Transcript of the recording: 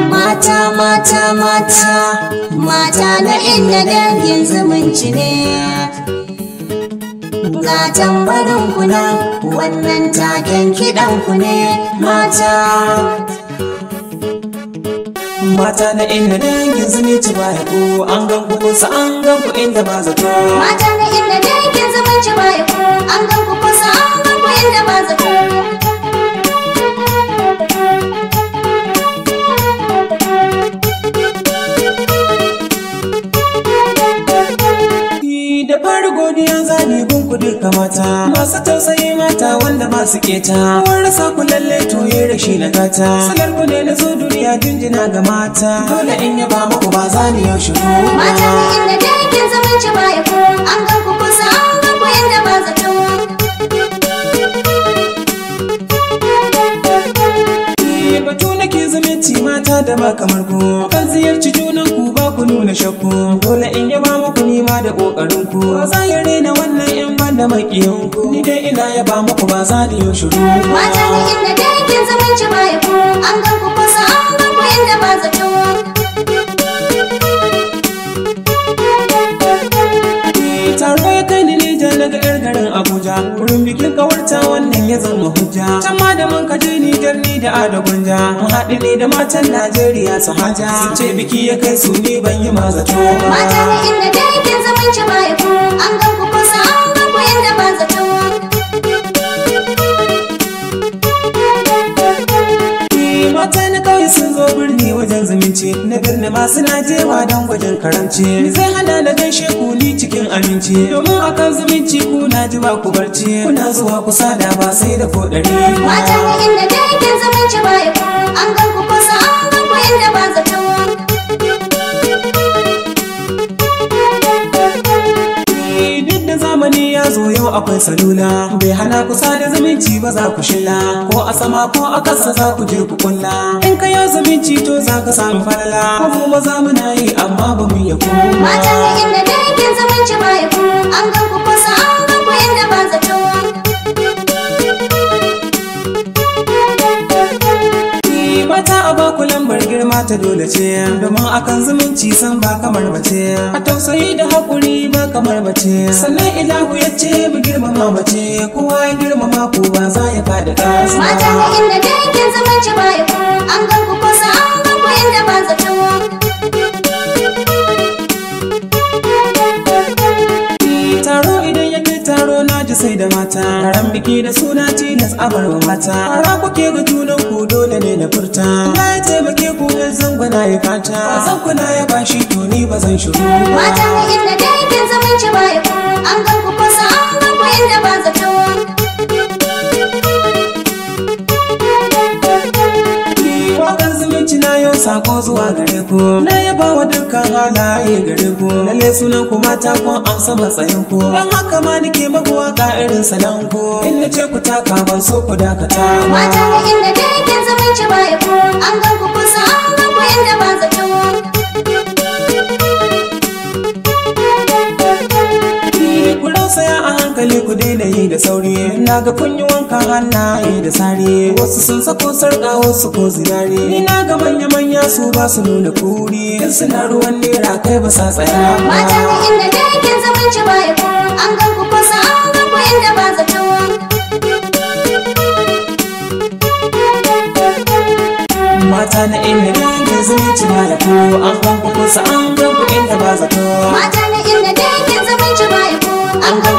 mata mata mata mata na inda dangin zumunci ne ga tambarin kuna wannan taken kiɗan ku ne mata mata na inda dangin zumunci ba ya ku an gan ku kusa an gan ku inda ba zato mata na inda dangin zumunci ba Wasu tausayi mata wanda ba su keta wanda sa ku lalle toye shi na gata salar ku ne na zo duniya jinjina ga mata dole in yaba muku ba za ni yau mata ni inda dai kin zaman ci ba an ga ku da ba kamar ku kan ziyarci junan ku ba ku nuna shakku dole in yaba muku nima da kokarin ku ba za ya rena wannan yan banda makiyan ku ni dai ina yaba muku ba za da yau shiru mata daga gargarin Abuja wurin bikin kawarta wannan ya zama hujja can ma da mun kaje Nijar ni da Ada Gunja mun haɗu ne da matan Najeriya su haja ce biki ya kai su ni ban yi ma zato ba mata ne inda dai kin zaman jama'a an ga ku na kauye sun zo birni wajen zumunci na birni ma suna jewa don gwajin karamci zai hana na gaishe kuli cikin aminci domin akan zumunci ku na ji ba ku barci kuna zuwa kusa da ba sai da ko ɗari. mata inda da yake zumunci ba ya an ga ku kusa akwai salula bai hana kusa da zumunci ba za ku shilla ko a sama ko a kasa za ku je ku kulla in ka yau zumunci to za ka samu falala ko mu maza muna yi amma ba mu yi kuma mata inda da zumunci ba ku. an ga ku mata dole ce domin akan zumunci san ba kamar bace a tausayi da hakuri ba kamar bace sannan ilahu ya ce mu girmama mace kowa ya girmama ko ba za ya fada ta mata da inda zumunci ba ya an ga ku ko sa an ga ku inda ba zato taro idan taro na sai da mata ran biki da suna tilas abarwa mata ara kuke ga junan ku dole ne na furta muna yi fata zan kuna ya bashi to ni ba zan shiru ba. mata ne inda dai kin zaman ci ba ya an ga ku kusa an ga ku inda ba zato zumunci na yau sako zuwa gare ku na yaba wa dukkan halaye gare ku lalle sunan ku mata kun amsa matsayin ku dan haka ma nake maku ga irin salon ku in ce ku taka ban so ku dakata mata ne inda dai kin zumunci ba ya ku an ga ku kusa gude daina yi da sauri na ga kun yi wanka hannaye da sari wasu sun sako sarka wasu ko zinari. ni na ga manya manya su ba su nuna kuri in suna ruwan nera kai ba sa tsaya mata mu inda dakin zaman ci ba an ga ku ko an ga ku inda ba zato mata na inda dakin zaman ci ba ya an ga ku ko an ga ku inda ba zato mata na inda dakin zaman ci ba ya an ga